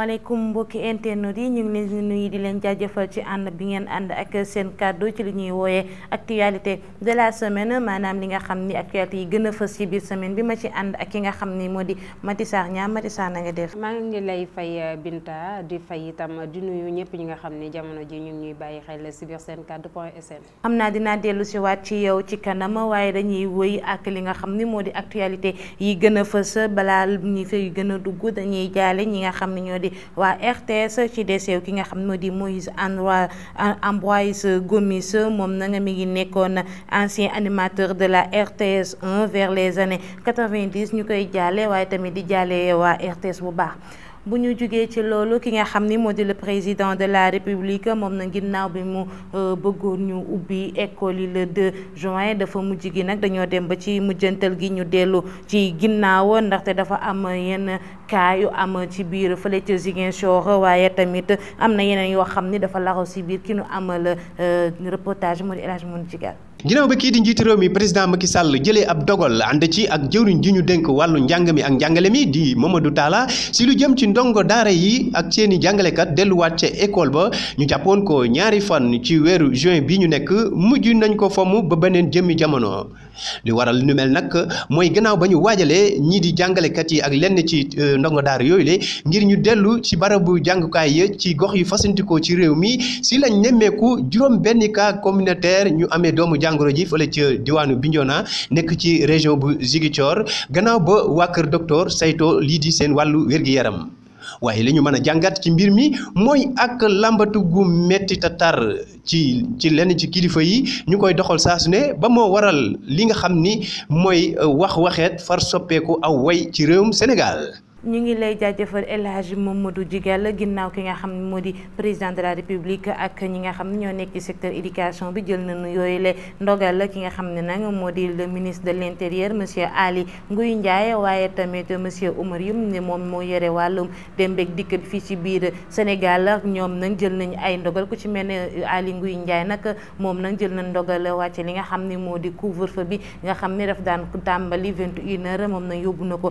asalaamaaleykum mbokki internet yi ñu ngi leen di nuyu di leen jaajëfal ci ànd bi ngeen ànd ak seen kàddu ci li ñuy wooyee actualité de la semaine maanaam li nga xam ni actualité yi gën a fës ci biir semaine bi ma ci ànd ak ki nga xam ni moo di Mati Sarr ñaa Mati Sarr na nga def. maa ngi lay fay euh, Binta di fay itam di nuyu ñëpp ñi nga xam ni jamono ji ñu ngi ñuy bàyyi xel si biir seen kàddu point sn. xam naa dinaa dellu si waat ci yow ci kanam waaye dañuy woy ak li nga xam ni moo di actualité yi gën a fës balaa ñi fay gën a dugg dañuy jaale ñi nga wa RTS ci desew ki nga xam modi di Moïse Androis Ambroise Gomis moom na nga mi ngi nekkoon ancien animateur de la RTS 1 vers les années 90 ñu jalé jaale tamit di jalé wa RTS bu baax bu ñu jugee ci loolu ki nga xam ni moo di le président de la république moom na ginnaaw bi mu euh, bëggoon ñu ubbi école yi le 2 juin dafa mujj gi nag dañoo dem ba ci mujjantal gi ñu dellu ci ginnaaw ndaxte dafa am yenn cas yu am ci biir fële ca Ziguinchor waaye tamit am na yeneen yoo xam ni dafa laxaw si biir ki nu amal euh, reportage moo di El Hadj Moundou ginnaaw ba kii di njiiti réew mi président Macky Sall jëlee ab dogal ànd ci ak jëwriñ ji ñu dénk wàllu njàng mi ak njàngale mi di Mamadou Talla si lu jëm ci ndongo daara yi ak seeni jàngalekat delluwaat ca école ba ñu jàppoon ko ñaari fan ci weeru juin bi ñu nekk mujj nañ ko fomm ba beneen jëmmi jamono li waral nu mel nag mooy gannaaw ba ñu waajalee ñii di jàngalekat yi ak lenn ci euh, ndongo daara yooyu le ngir ñu dellu ci barabu jàngukaay yi ci gox yu fasantikoo ci réew mi si lañ nemmeeku juróom benn ñu amee doomu jàngoro ji fale ca diwaanu Bignona nekk ci région bu Ziguinchor gannaaw ba waa kër docteur sayto lii di seen wàllu wér yaram waaye li ñu mën a jàngat ci mbir mi mooy ak làmbatu gu metti tatar ci ci lenn ci kilifa yi ñu koy doxal saa su ne ba moo waral li nga xam ni mooy euh, wax waxeet far soppeeku aw way ci réewum Sénégal ñu ngi lay jaajëfal El Hadj Mamadou Digal ginnaaw ki nga xam ne moo di président de la république ak ñi nga xam ne ñoo nekk ci secteur éducation bi jël nañu yooyu la ndogal ki nga xam ne nag moo di ministre de l' intérieur monsieur Ali Nguy Ndiaye waaye tamit monsieur Oumar Youm ne moom moo yore wàllum dem dikk dikkat fii ci biir Sénégal ñoom nag jël nañu ay ndogal ku ci mel ne Ali Nguy Ndiaye nag moom nag jël nañ ndogal wàcce li nga xam ne moo di couvre bi nga xam ne daf daan tàmbali 21 heures moom nag yóbbu na ko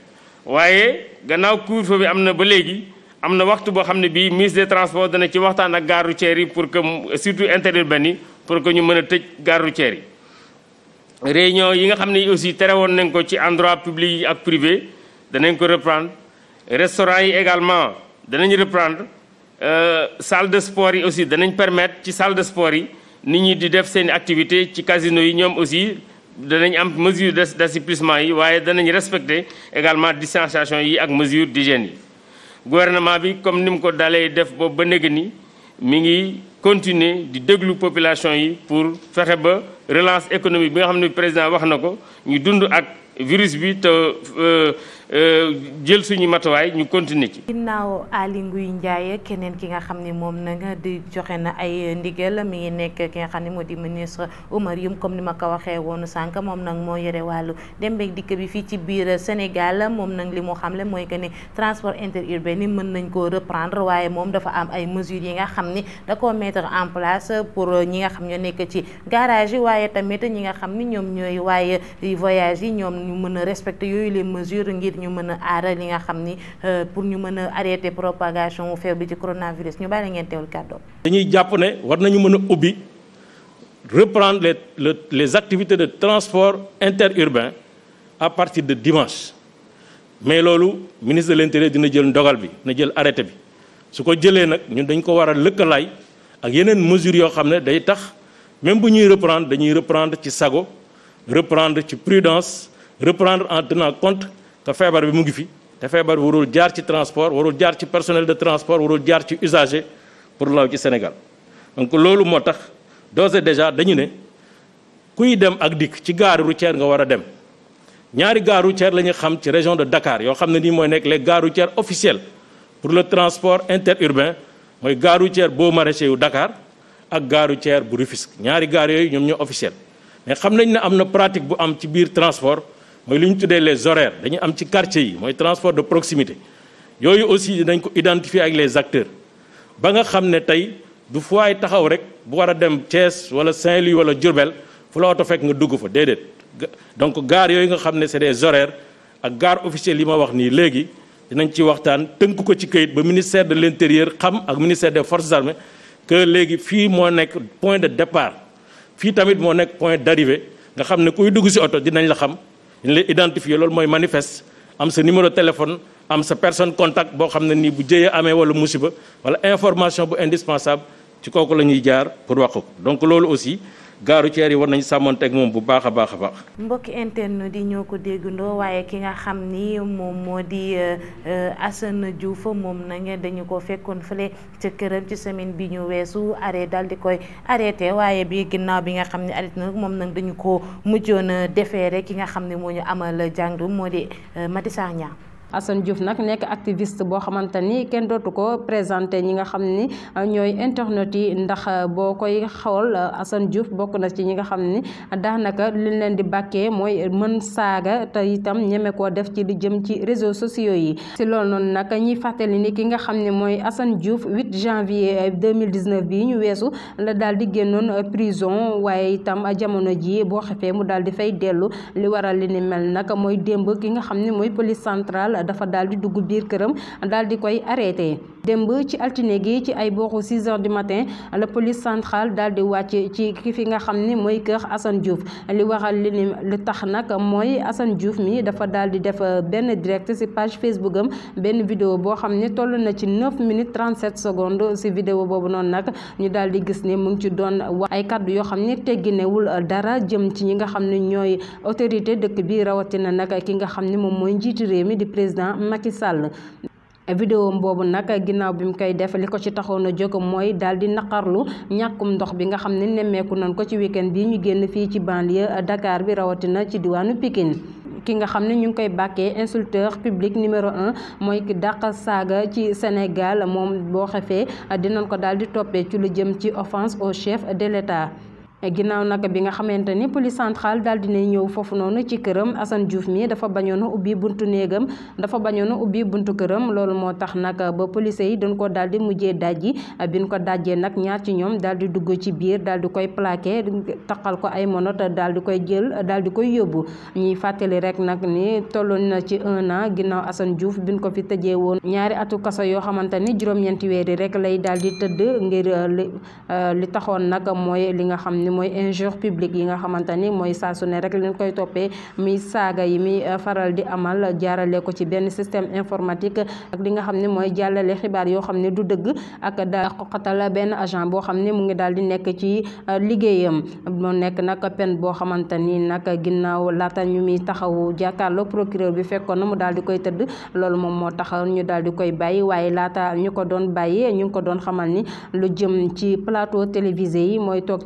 waaye gannaaw couvre-feu bi am na ba léegi am na waxtu boo xam ne bii ministre des transports dana ci waxtaan ak gare routière yi pour que surtout interurbaines yi pour que ñu mën a tëj gare routière yi. ñoo yi nga xam ne aussi tere woon nañ ko ci endroit public yi ak privé danañ ko reprendre restaurant yi également danañ reprendre euh, salle de sport yi aussi danañ permettre ci salle de sport yi nit ñi di def seeni i activité ci casino yi ñoom aussi. danañ am mesure d'assouplissement yi waaye danañ respecter également distanciation yi ak mesure d'hygiène yi gouvernement bi comme ni mu ko dalee def boobu ba néeg ni mi ngi continuer di déglu population yi pour faire ba relance économique bi nga xam président wax na ko ñu dund ak virus bi te euh, Euh, jël suñu matuwaay ñu continuer ci. ginnaaw Aly Ngouille keneen ki nga xam ne moom na nga di joxe na ay ndigal mi ngi nekk ki nga xam ne moo di ministre Oumar Youm comme ni ma ko waxee woonu sànq moom nag moo yore wàllu dem dikk bi fii ci biir Sénégal moom nag li mu xamle mooy que ni transport interurbain yi mën nañ koo reprendre waaye moom dafa am ay mesures yi nga xam ni da koo mettre pour ñi nga xam ñoo nekk ci garage waaye tamit ñi nga xam ni ñoom ñooy waaye voyage yi ñoom ñu mën a respecter yooyu les mesure ngir. ñu mën a li nga xam ni euh, pour ñu mën arrêter propagation feebar bi ci coronavirus ñu bàyyi la ngeen cadeau. kàddoom. dañuy jàpp ne war nañu mën a reprendre les le, les activités de transport interurbain à partir de dimanche mais loolu ministre de l'intérieur dina jël ndogal bi dina jël arrêté bi su ko jëlee nag ñun dañ ko war a ak yeneen mesures yoo xam ne day tax même bu ñuy reprendre dañuy reprendre ci sago reprendre ci prudence reprendre en tenant compte te feebar bi mu ngi fi te feebar bi warul jaar ci transport warul jaar ci personnel de transport warul jaar ci usager pour law ci Sénégal donc loolu moo tax d'ores et dañu ne kuy dem ak dikk ci gare routière nga war a dem ñaari gare routière la ñu xam ci région de Dakar yoo xam ne nii mooy nekk les gares routières officiel pour le transport interurbain mooy gare routière Baux Maraîchers yu Dakar ak gare routière bu Rufisque ñaari gare yooyu ñoom ñoo officiel mais xam nañ ne am na pratique bu am ci biir transport moy liñ ñu tuddee les horaires dañu am ci quartier yi mooy transport de proximité yooyu aussi dañ ko identifier ak les acteurs ba nga xam ne tey du foay taxaw rek bu war a dem Thiès wala Saint-Louis wala Diourbel fu la oto fekk nga dugg fa déedéet donc gaar yooyu nga xam ne c'est des horaires ak gaar officiel yi ma wax nii léegi dinañ ci waxtaan tënk ko ci këyit ba ministère de l'intérieur xam ak ministère des forces armées que léegi fii moo nekk point de départ fii tamit moo nekk point d'arrivée nga xam ne kuy dugg ci oto dinañ la xam dañ lay identifier loolu mooy manifeste am sa numéro téléphone am sa personne contact boo xam ne nii bu jëyee amee wala musiba wala information bu indispensable ci kooku la ñuy jaar pour wax ko donc loolu aussi gaaru ceer yi war nañu sàmmanteeg moom bu baax a baax a mbokk mbokki internet di ñoo ko déggandoo waaye ki nga xam ni moom moo di euh, Assane Diouf moom nag dañu ko fekkoon fële ca këram ci semaine bi ñu weesu arrêt daal di koy arrêté waaye bi ginnaaw bi nga xam ne arrêté na moom nag dañu ko mujjoon defee rek ki nga xam ne moo ñu amal jàng moo di euh, Mati Sarr Assane Diouf nag nekk activiste boo xamante ni kenn dootu ko présenté ñi nga xam ni euh, ñooy internet yi ndax euh, boo koy xool euh, Assane Diouf bokk na ci ñi nga xam ni daanaka liñ leen di bàkkee mooy mën saaga te itam ñeme koo def ci li jëm ci réseaux sociaux yi. si loolu noonu nag ñuy fàttali ni ki nga xam ne mooy Assane Diouf 8 janvier 2019 bii ñu weesu la daal di génnoon prison waaye itam jamono ji boo xefee mu daal di fay dellu li waral li ni mel nag mooy démb ki nga xam ne mooy police centrale. dafa daal di dugg biir këram daal di koy arrêté démb ci altine gi ci ay booru 6 heures du matin la police centrale daal di wàcc ci ki fi nga xam ni mooy kër Assane Diouf li waral li ni li tax nag mooy Assane Diouf mi dafa daal di def euh, benn direct si page Facebook am benn vidéo boo xam ni toll na ci 9 minutes 37 secondes si vidéo boobu noonu nag ñu daal di gis ni mu ci doon wax ay kàddu yoo xam ni tegginewul dara jëm ci ñi nga xam ne ñooy autorité dëkk bi rawatina nag ki nga président Macky Sall. vidéo boobu nag ginnaaw bi mu koy def li ko ci taxoon a jóg mooy daal di naqarlu ñàkkum ndox bi nga xam ne nemmeeku nañ ko ci week-end bi ñu génn fii ci banlieue dakaar bi rawatina ci diwaanu Pikine. ki nga xam ne ñu ngi koy bàkkee insulteur public numéro un mooy ki dàq saaga ci Sénégal moom boo xefee dinañ ko daal di toppee ci lu jëm ci offense au chef de l'État. Eh, ginaaw nak bi nga xamanteni police centrale dal dina ñew fofu noonu ci kërëm Assane Diouf mi dafa bañono ubi buntu neegam dafa bañono ubi buntu kërëm loolu mo tax nak ba police yi dañ ko daal di mujjee dajji biñ ko dajje nak ñaar ci ñom daal di dugg ci biir daal di koy plaqué takal ko ay monot dal di koy jël daal di koy yobbu ñi fàttali rek nak ni tollon na ci 1 an ginaaw Assane Diouf biñ ko fi tejé won ñaari atu kasso yo xamanteni ni ñenti wéri rek lay daal di tëdd ngir li eh, taxoon nak moy li nga xamni mooy injure publique yi nga xamante ni mooy saa su ne rek leen koy toppee muy saaga yi muy faral di amal jaarale ko ci benn système informatique ak li nga xam ne mooy jàllale xibaar yoo xam ne du dëgg ak daa xoqatal benn agent boo xam ne mu ngi daal di nekk ci euh, liggéeyam mu nekk nag pen boo xamante ni nag ginnaaw laata ñu muy taxawu jàkkaarloo procureur bi fekkoon na mu daal di koy tëdd loolu moom moo taxaw ñu daal di koy bàyyi waaye laata ñu ko doon bàyyi ñu ngi ko doon xamal ni lu jëm ci plateau télévisé yi mooy toog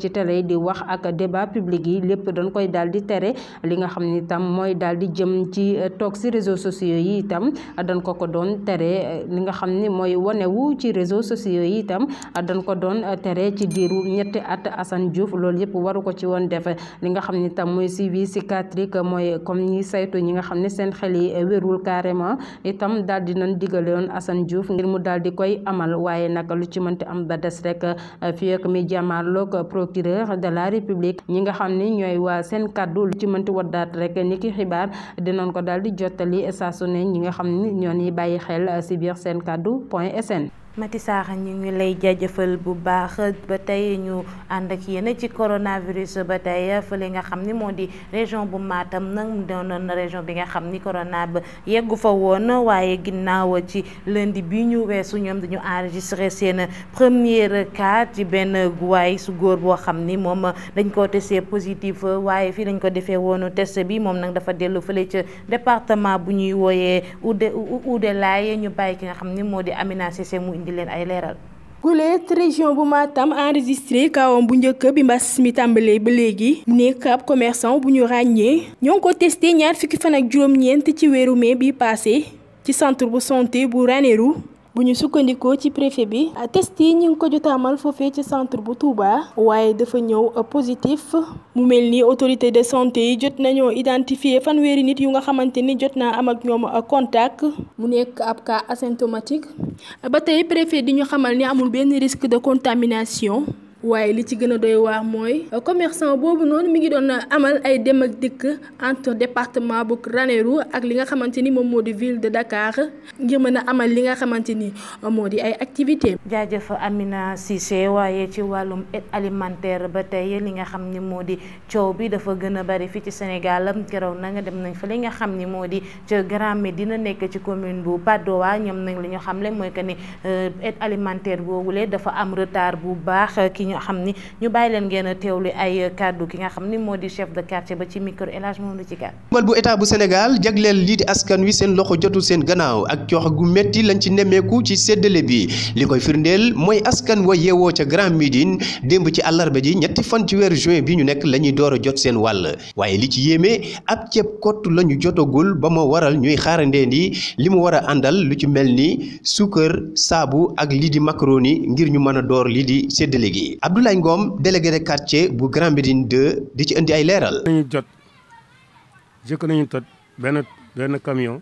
di wax ak débat public yi lépp dañ koy daal tere li nga xam ni tam mooy daal di jëm ci eh, toog si réseaux sociaux yi tam dañ ko ko doon tere li nga xam ni mooy wanewu ci réseaux sociaux yi itam dañ ko doon eh, tere ci diiru ñetti at Assane Diouf loolu yëpp waru ko ci woon def li nga xam ni tam mooy si si psychiatrique mooy comme ñi saytu ñi nga xam ne seen xel yi eh, wérul carrément itam daal di nañ digale woon Assane Diouf ngir mu daal di koy amal waaye nag lu ci am ba rek fii ak mi jàmmaarloog procureur de la république ñi nga xam ni ñooy wa seen kàddu lu ci mënti waddaat rek ni ki xibaar dinañ ko daal di jottali saa su ne ñi nga xam ni ñoo ni bàyyi xel si biir seen kaddu point sn Maty Sarr ñu ngi lay jaajëfal bu baax ba tey ñu ànd ak yéen ci coronavirus ba tey fële nga xam ni moo di région bu Matam nag doonoon région bi nga xam ni corona ba yeggu fa woon waaye ginnaaw ci lundi bi ñu weesu ñoom dañu enregistré seen premier cas ci benn waay su góor boo xam ni moom dañ koo testé positif waaye fii lañ ko defee woonu test bi moom nag dafa dellu fële ca département bu ñuy wooyee Oude Oude Laye ñu bàyyi ki nga xam ni moo di Amina Cissé indi leen ay leeral. guleet région bu Matam enregistré kawam bu ñëkk bi mbas mi tambalé ba légui mu nekk ab commerçant bu ñu ràññee ñoo ngi ko testé ñaar fukki fan ak juróom-ñeent ci weeru mai bi passé ci centre bu santé bu Ranérou bu ñu sukkandikoo ci préfet bi test yi ñu ngi ko jotaamal foofee ci centre bu Touba waaye dafa ñëw positif mu mel ni autorité de santé yi jot nañoo identifier fanweeri nit yu nga xamante ni jot naa am ak ñoom ak contact mu nekk ab cas asymptomatique ba tey préfet di ñu xamal ni amul benn risque de contamination waaye li ci gën a doy waar mooy euh, commerçant boobu noonu mu ngi doon euh, amal ay dem ak dikk entre département bu Ranérou ak li nga xamante ni moom moo di ville de Dakar ngir a amal li nga xamante ni euh, moo di ay activités. jaajëf Amina Cissé waaye ci wàllum aide alimentaire ba tey li nga xam ni moo di coow bi dafa gën a bari fii ci Sénégal keroog na nga dem nañ fa li nga xam ni moo di ca Grand Médine nekk ci commune bu Padoa ñoom nañ li xam xamle mooy que ni aide alimentaire boobule dafa am retard bu baax ki nga xam ngeen a ki nga xam ni moo di chef de quartier ba ci micro élage moom la ci bu état bu Sénégal jagleel lii di askan wi seen loxo jotul seen gannaaw ak coox gu metti lañ ci nemmeeku ci séddale bi li koy firndeel mooy askan wa yewoo ca Grand Médine démb ci àllarba ji ñetti fan ci weeru juin bi ñu nekk lañuy door a jot seen wàll waaye li ci yéeme ab ceeb kott lañu jotagul ba ma waral ñuy xaarandeen yi li mu war a àndal lu ci mel ni suukar saabu ak li di macaroni ngir ñu mën door lii di séddale gi Abdoulaye Ngom délégué de quartier bu Grand Médine 2 di ci indi ay leeral. jot jëkk nañu camion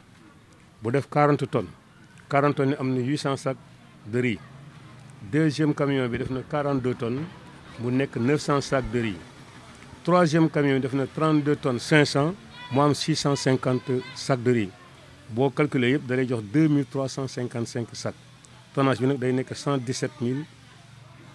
bu def 40 tonnes 40 tonnes il 800 sacs de riz deuxième camion bi def 42 tonnes y a 900 sacs de riz troisième camion bi def 32 tonnes 500 moins 650 sacs de riz Pour calculer il da lay jox 2355 sacs tonnage bi nak day 117 000.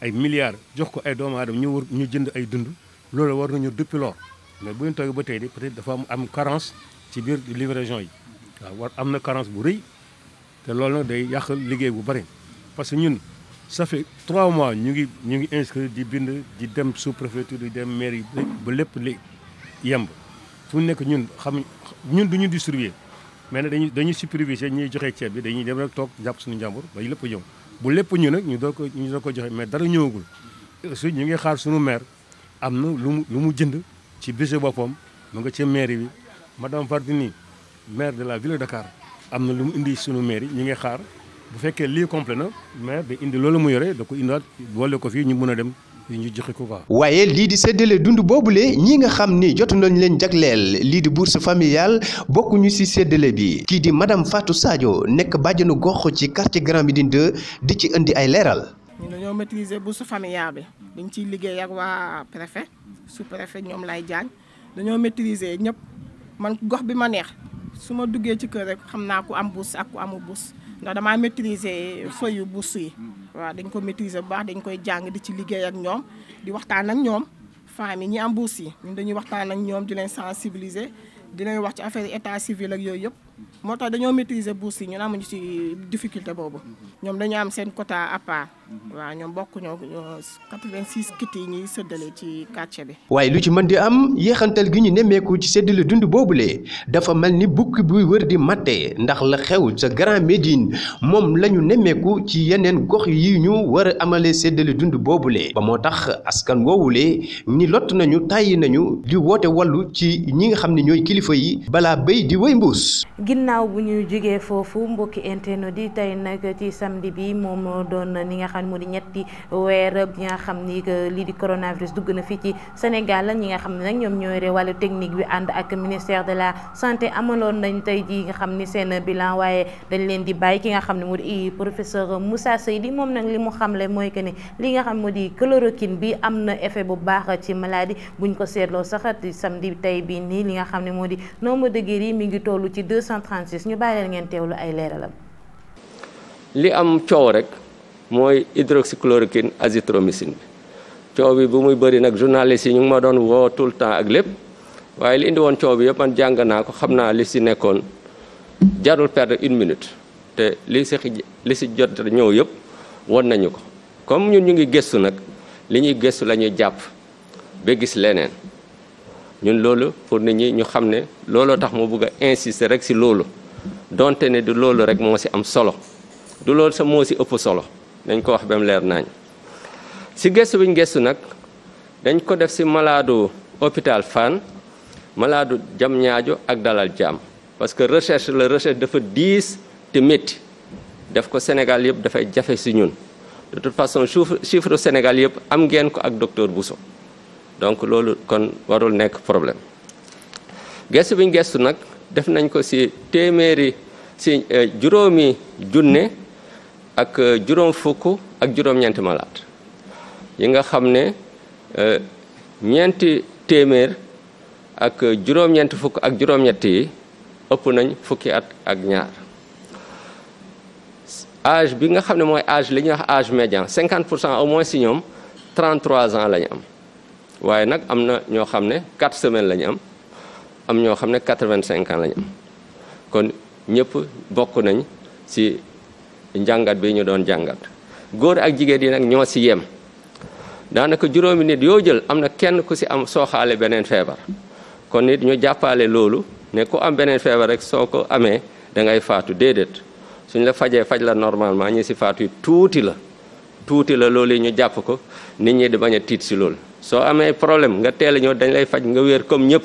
ay milliards jox ko ay doomu aadama ñu ñu jënd ay dund loolu depuis lors mais bu ñu toogee ba tey de peut-être dafa carence ci biir livraison yi waaw war carence bu rëy te loolu day parce que ñun ça fait trois mois ñu ngi ñu ngi inscrit di bind sous préfecture di dem mairie, ba lépp li yemb fu ñun ñun mais nag nous, sommes superviser ñuy joxe ceeb bi dañuy bu lépp ñu nag ñu doo ko ñu doo ko joxe mais dara ñëwagul aussi ñu ngi xaar suñu maire am na lu mu lu mu jënd ci budget boppam mu nga ci mairie bi madame Wardini maire de la ville de Dakar am na lu mu indi suñu mairie ñu ngi xaar bu fekkee lii complet na maire da indi loolu mu yore da ko indiwaat boole ko fii ñu mun a dem ñu joxe ko ba waaye lii di séddale dund boobule ñi nga xam ni jotu nañ leen jagleel lii di bourse familiale bokkuñu ci séddale bi kii di madame Fatou saajo nekk nu gox ci quartier Grand Médine 2 di ci indi ay leeral. ñu dañoo maîtriser bourse familiale bi dañ ciy liggéey ak waa préfet sous préfet ñoom lay jaañ dañoo maîtriser ñëpp man gox bi ma neex su ma duggee ci kër rek xam naa ku am bourse ak ku amul bourse Je suis maîtrisé feuille de l'a yi Je suis ko les bu baax koy jang di ci liggéey ak Je di waxtaan ak de femmes ñi am bourse yi dañuy waxtaan ak ils di leen sensibiliser di leen civil moo tax dañoo maîtriser bourse yi ñun amuñu ci difficulté boobu. ñoom dañoo am seen quota à part. waaw ñoom bokk ñoo euh, kit yi ñuy séddale ci quartier bi. waaye lu ci mën di am yéexantal gi ñu nemmeeku ci séddale dund boobu lee dafa mel ni bukki buy wër di matte ndax la xew sa Grand Médine moom la ñu nemmeeku ci yeneen gox yi ñu war a amalee séddale dund boobule. ba moo tax askan woowu woowule ni lott nañu tàyyi nañu di woote wàllu ci ñi nga xam ne ñooy kilifa yi balaa béy di wéy mbuus. ginnaaw bu ñu jugee foofu mbokki internet di tey nag ci samedi bi moom moo doon ni nga xam ne moo di ñetti weer bi nga xam ni lii di coronavirus dugg na fii ci Sénégal ñi nga xam ne nag ñoom ñoo yore technique bi ànd ak ministère de la santé amaloon nañ tey ji nga xam ni seen bilan waaye dañ leen di bàyyi ki nga xam ne moo di musa Moussa Seydi moom nag li mu xam xamle mooy que ne li nga xam moo di chloroquine bi am na effet bu baax ci maladie buñ ko seetloo sax samedi tey bi nii li nga xam ne moo di nombre de guéris 236 ñu bàyyi leen ngeen teewlu ay li am coow rek mooy hydroxychloroquine azithromycine bi coow bi bu muy bari nag journaliste yi ñu ngi ma doon woo tout le temps ak lépp waaye li indi woon coow bi yëpp jàng naa ko xam naa li si nekkoon jarul perdre une minute te li si li si jot ñëw yëpp won nañu ko comme ñun ñu ngi gëstu nag li ñuy gëstu lañuy jàpp ba gis leneen. ñun loolu pour nit ñi ñu xam ne looloo tax mu bëgg a insister rek si loolu donte ne du loolu rek moo si am solo du loolu sax moo si ëpp solo dañ ko wax ba leer naañ si gëstu bi ñu gëstu nag dañ ko def si malaadu hôpital Fann malaadu jam ñaajo ak dalal jàmm parce que recherche la recherche dafa diis te métti def ko Sénégal yëpp dafay jafe si ñun de toute façon chiffre Sénégal yëpp am ngeen ko ak docteur Bousso donc loolu kon warul nekk problème gestu bi ñu gestu nag def nañ ko ci téeméeri ci euh, juróomi junne ak euh, juróom fukk ak juróom-ñeenti malade yi nga xam ne euh, ñeenti téeméer ak juróom-ñeenti fukk ak juróom-ñett yi ëpp nañ fukki at ak ñaar âge bi nga xam ne mooy âge li ñuy wax âge médian 50 pour cent au moins si ñoom 33 ans la ñu am waaye nag am na ñoo xam ne 4 semaines lañu am am ñoo xam ne 85 ans la ñu am kon ñëpp bokk nañ ci njàngat bi ñu doon jàngat góor ak jigéen yi nag ñoo ci yem daanaka juróomi nit yoo jël am na kenn ku ci am sooxaale beneen feebar kon nit ñu jàppale loolu ne ku am beneen feebar rek soo ko amee da ngay faatu déedéet suñ la fajee faj la normalement ñi ci faatu tuuti la tuuti la loolu yi ñu jàpp ko nit ñi di bañ a tiit ci loolu soo amee problème nga teel a ñëw dañ lay faj nga wér comme ñëpp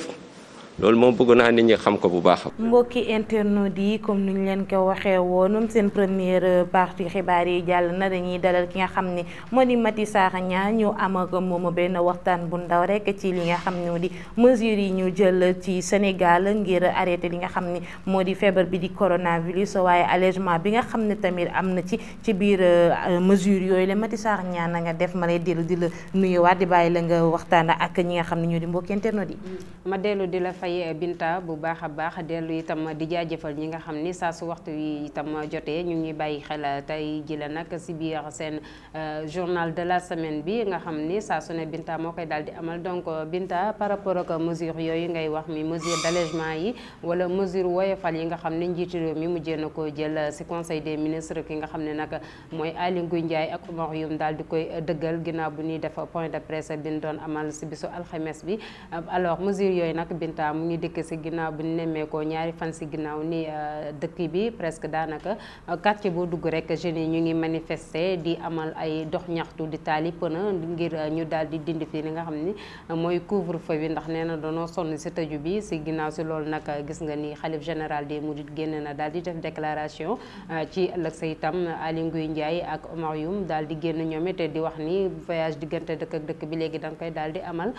loolu moom bëgg naa nit ñi xam ko bu baax. mbokki internautes yi comme ni ñu leen ko waxee woon seen première partie xibaar yi jàll na dañuy dalal ki nga xam ni moo di Maty Sarr Niang ñu am ak moom benn waxtaan bu ndaw rek ci li nga xam ne di mesures yi ñu jël ci Sénégal ngir arrêté li nga xam ni moo di feebar bi di coronavirus waaye allègement bi nga xam ne tamit am na ci ci biir euh, mesure yooyu la mati Sarr Niang na nga def ma lay dellu di la nuyuwaat di bàyyi la nga waxtaan ak ñi nga xam ne ñoo di mbokki internet yi. ma dellu di la fay Binta bu baax a baax dellu itam di jaajëfal ñi nga xam ni saa su waxtu yi itam jotee ñu ngi bàyyi xel tey ji la nag si biir seen euh, journal de la semaine bi nga xam ni saa su ne Binta moo koy daal di amal donc euh, Binta par rapport ak mesure yooyu ngay wax mi mesure d'allègement yi wala mesure woyofal yi nga xam ne njiitu réew mi mujjee na koo jël si conseil des ministres ki nga xam ne nag mooy Aly njaay Ndiaye ak Oumar Youm daal di koy dëggal ginnaaw bu ñuy def point de presse bi ñu doon amal si bisu alxames bi euh, alors mesure yooyu nag Binta mu ngi dikk si ginnaaw bu ñu nemmeekoo ñaari fan si ginnaaw ni euh, dëkk bi presque daanaka euh, quartier boo dugg rek jeunes ñu ngi manifester di amal ay dox ñaxtu di taali pëna ngir euh, ñu daal di dindi fii li nga xam ni mooy couvre-feu bi ndax nee na danoo sonn si tëju bi si ginnaaw si loolu nag gis nga ni xalif général des mourides génn na daal di def déclaration ci ëllëg sa itam Aly Ngouille Ndiaye ak Oumar Youm daal di génn ñoom it di wax ni voyage diggante dëkk ak dëkk bi léegi dañ koy daal di amal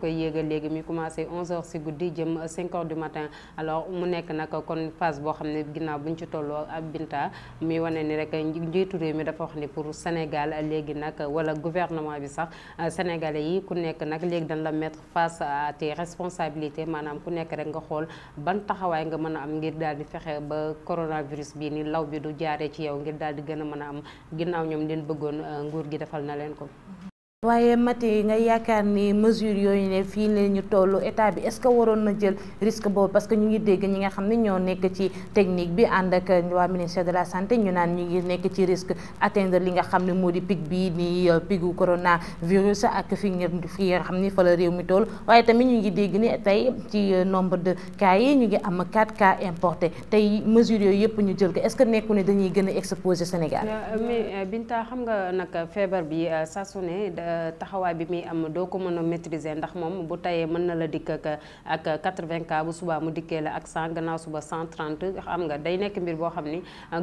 koy yéegal léegi mi commencé 11h ci goudi jëm 5h du matin alors mu nek nak kon phase bo xamné ginnaw buñ ci tolloo ak Binta muy wane ni rek njiitu rew mi dafa wax ni pour Sénégal légui nak wala gouvernement bi sax euh, sénégalais yi ku nek nak légui dañ la mettre face à tes responsabilités manam ku nek rek nga xol ban taxaway nga mëna am ngir daal di fexe ba coronavirus bi ni law bi du jaaree ci yow ngir daal di gën a mën a am ginnaaw ñoom leen bëggoon euh, nguur gi defal na leen ko mm-hmm. waaye Maty nga yaakaar ni mesure yooyu ne fii la ñu toll état bi est-ce que waroon na jël risque boobu parce que ñu ngi dégg ñi nga xam ne ñoo nekk ci technique bi ànd ak euh, waa ministère de la santé ñu naan ñu ngi nekk ci risque atteindre li nga xam ne moo di pic bii nii euh, pigu coronavirus ak fi nga fi nga xam ni fa la réew mi toll waaye tamit ñu ngi dégg ni tey ci euh, nombre de cas yi ñu ngi am 4 cas importés tey mesure yooyu yëpp ñu jël ko est que nekku ne dañuy gën exposé Sénégal. mais Binta xam nga nag feebar bi saa su ne Euh, taxawaay bi muy am doo ko mën a maîtriser ndax moom bu tayee mën na la dikk ak ak 80 cas bu subaa mu dikkee la ak 100 gannaaw suba 130 xam nga day nekk mbir boo xam ni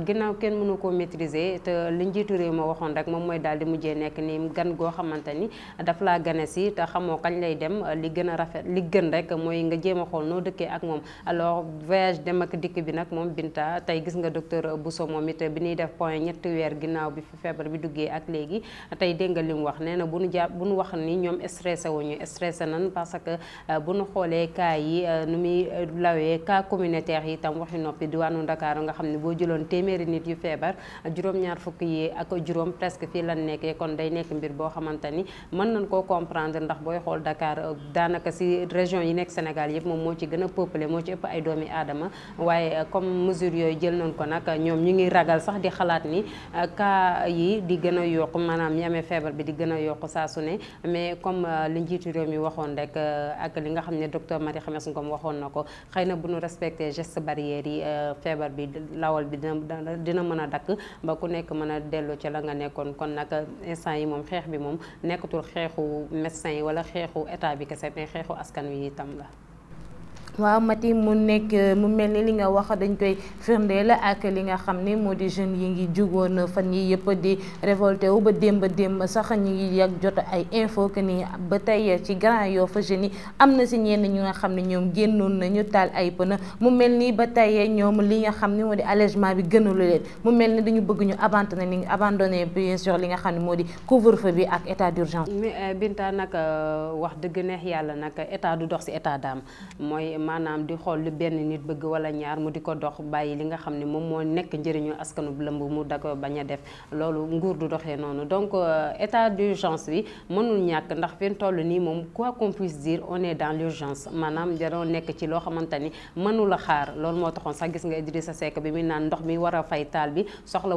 ginnaaw kenn mënu koo maîtriser te li njiitu réew ma waxoon rek moom mooy daal di mujjee nekk ni gan goo xamante ni daf laa gane si te xamoo kañ lay dem li gën a rafet li gën rek mooy nga jéem a xool noo dëkkee ak moom alors voyage dem ak dikk bi nag moom Binta tey gis nga docteur Bousso moom it bi ñuy def point ñetti weer ginnaaw bi fi feebar bi duggee ak léegi bu nu jàpp bu nu wax ni ñoom stressé wuñu stressé nan parce que euh, bu nu xoolee cas yi euh, nu muy euh, lawee cas communautaire yi itam waxi noppi diwaanu Ndakaaru nga xam ne boo jëloon téeméeri nit yu feebar juróom-ñaar fukk yi ak juróom presque fii lan nekkee kon day nekk mbir boo xamante ni mën nañ koo comprendre ndax booy xool Dakar daanaka si région yi nekk Sénégal yëpp moom moo ci gën a le moo ci ëpp ay doomi aadama waaye comme mesure yooyu jël nañ ko nag ñoom ñu ngi ragal sax di xalaat ni cas yi di gën ko saa su ne mais comme euh, li njiitu réew mi waxoon rek euh, ak li nga xam ne docteur Marie Khemesse Ngom waxoon na ko xëy na bu ñu respecté geste barrière yi euh, feebar bi lawal bi dina dina mën a dakk ba ku nekk mën a dellu ci la nga nekkoon kon nag instant yi moom xeex bi moom nekkatul xeexu médecin yi wala xeexu état bi kese mais xeexu askan wi itam la waaw Mati mu nekk mu mel ni li nga wax dañ koy firndeel ak li nga xam ni moo di jeunes yi ngi jugoon fan yi yëpp di révolté wu ba démb démb sax ñu ngi yàgg jot ay info que ni ba tey ci yoo Yoff jeunes yi am na si ñenn ñu nga xam ne ñoom génnoon nañu taal ay pneu mu mel nii ba tey ñoom li nga xam ne moo di allegement bi gënalu leen mu mel ni dañu bëgg ñu abandonné li abandonné bien sûr li nga xam ne moo di couvre-feu bi ak état d'urgence. mais euh, Binta nag euh, wax dëgg neex yàlla nag état du dox si état manam di xol lu benn nit bëgg wala ñaar mu di ko dox bayyi li nga xamni mom mo moo nekk njëriñu askanu lëmb mu dako baña def loolu nguur du doxé nonu donc euh, état d'urgence wi mënul ñak ndax fi tollu ni mom quoi qu'on puisse dire on est dans l'urgence manam danoo nekk ci lo xamantani mënul xaar loolu mo taxon sa gis nga Idrissa Seck bi mi naan ndox mi wara fay taal bi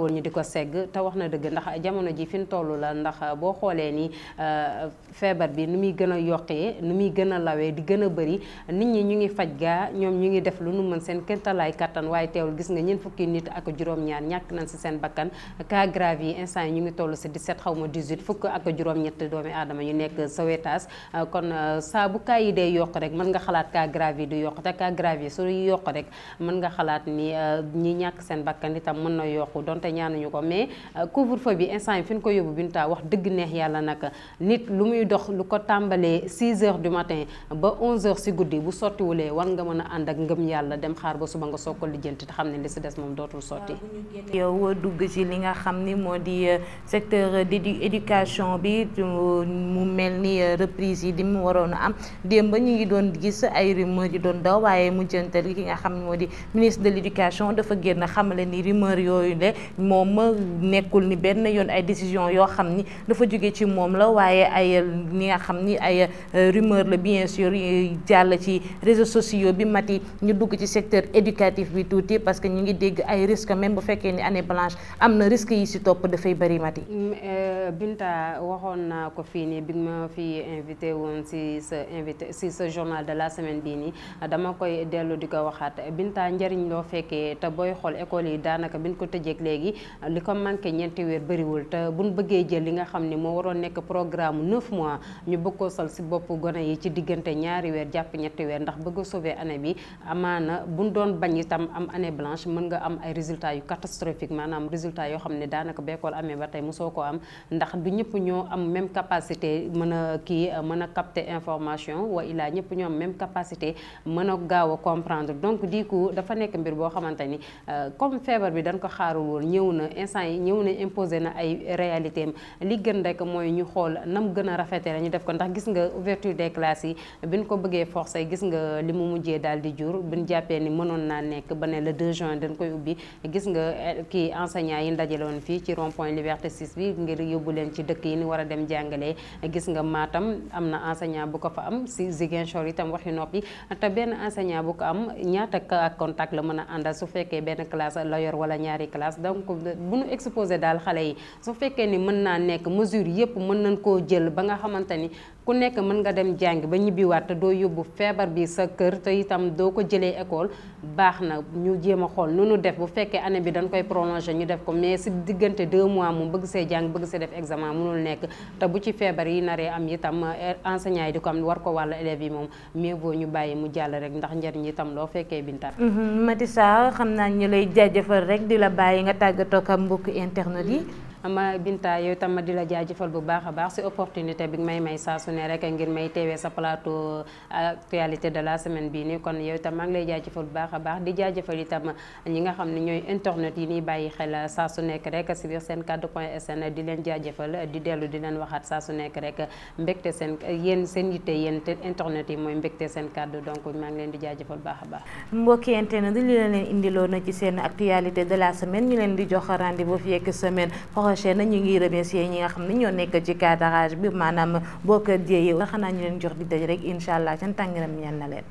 wol ñu diko ko ta waxna wax dëgg ndax jamono ji fi tollu la ndax bo xolé ni euh, fièvre bi nu gëna gën a gëna lawé di gëna bëri nit ñi ñu ngi faj gaa ñoom ñu ngi def lu nu mën seen kéemtalaay kattan waaye teewul gis nga ñeen fukki nit ak juróom-ñaar ñàkk nañ si seen bakkan cas grave yi instant yi ñu ngi toll si 17 xaw ma 18 fukk ak juróom-ñett doomi aadama ñu nekk euh, euh, grave yi su yokk rek mën nga xalaat ni euh, ñi ñàkk seen bakkan itam mën na yokku donte ñaanuñu ko mais couvre-feu bi instant yi fi ñu ko yóbbu Binta wax dëgg neex yàlla nag nit lu muy dox lu ko tàmbalee 6 heures du matin ba 11 si guddi bu sottiwulee jotee war nga mën a ànd ak ngëm yàlla dem xaar ba suba nga soog ko lijjanti xam ne li si des moom dootul sotti. yow euh, dugg ci li nga xam ni moo di euh, euh, d' éducation bi mu mel ni reprise yi di mu waroon a am démb ñu ngi doon gis ay rumeur yi doon daw waaye mujjantal ki nga xam ne moo di ministre de l' éducation dafa génn xamale ni rumeur yooyu de moom ma nekkul ni benn yoon ay décision yoo xam ni dafa jóge ci moom la waaye ay li nga xam ni ay rumeur la bien sûr jàll ci réseaux sociaux bi mati ñu dugg ci secteur éducatif bi tuuti parce que ñu ngi dégg ay risques même bu fekkee ni année blanche am na risques yi si topp dafay bëri mati. Mm, euh, Binta waxoon naa ko fii nii bi ma fi invité woon si sa invité si sa journal de la semaine bii nii dama koy dellu di ko waxaat Binta njariñ loo fekkee te booy xool école yi daanaka bi ñu ko tëjeek léegi li ko manqué ñeenti weer bëriwul te bu bëggee jël li nga xam ni moo waroon nekk programme neuf mois ñu ko sauver année bi amaana buñ doon bañ itam am année blanche mën nga am ay résultats yu catastrophique maanaam résultats yoo xam ne daanaka bekkool amee ba tey mosoo ko am ndax du ñëpp ñoo am même capacité mën a kii wa ilaa ñëpp ñoo am même capacité a gaaw a comprendre donc du coup dafa nekk mbir boo xamante ni euh, comme feebar bi dañ ko xaarul woon ñëw na instant yi ñëw na imposé na ay réalité am li gën rek mooy ñu xool nam gën a rafetee la def ko ndax gis nga ouverture des classes yi bi ñu ko bëggee li mu mujjee daal di jur buñ jàppee ni mënoon naa nekk ba ne le 2 juin dañ koy ubbi gis nga eh, kii enseignants yi ndajaloon fii ci rond point liberté 6 bi ngir yóbbu leen ci dëkk yi ni war a dem jàngalee gis nga Matam am na enseignant bu ko am si Ziguinchor itam waxi noppi te benn enseignant bu ko am ñaata ak contact la mën a àndal su fekkee benn classe la yor wala ñaari classe donc bu nu exposé daal xale yi su fekkee ni mën naa nekk mesure yëpp mën nañ koo jël ba nga xamante ku nekk mën nga dem jàngi ba ñibbiwaat te doo yóbbu feebar bi sa kër te itam doo ko jëlee école baax na ñu jéem a xool nu nu def bu fekkee année bi dañ koy prolongé ñu def ko mais si diggante 2 mois mu bëgg see jàng bëgg see def examen mënul nekk te bu ci feebar yi naree am itam eh, enseignant yi di ko am war ko wàllu élèves yi moom mais boo ñu bàyyi mu jàll rek ndax njariñ itam loo fekkee bintar mm-hmm. Mati Sarr xam naa ñu lay jaajëfal rek di la bàyyi nga tàggatoo ak mbokk internet yi ama Binta yow tam ma dila jajeufal bu baakha baax ci opportunité bi may may sa su ne rek ngir may teewee sa plateau euh, actualité de la semaine bi ni kon yow tam ma ngi lay jajeufal bu baakha baax di jajeufal itam ñi nga xamni ñoy internet yi ni bayyi xel sa su nek rek ci bir sen kaddu point sn di len jajeufal di delu di len waxat sa su nek rek mbekté sen yeen sen yité yeen internet yi moy mbekté sen cadre donc ma ngi len di jajeufal bu baax baax. mbokki internet indi lo na ci sen actualité de la semaine ñu len di jox rendez-vous fi ak semaine. prochaine ñu ngi remercier ñi nga xam ne ñoo nekk ci cadrage bi maanaam bokk ak jéey yi xanaa ñu leen jox di daj rek incha allah seen tàngaram ñeel na leen.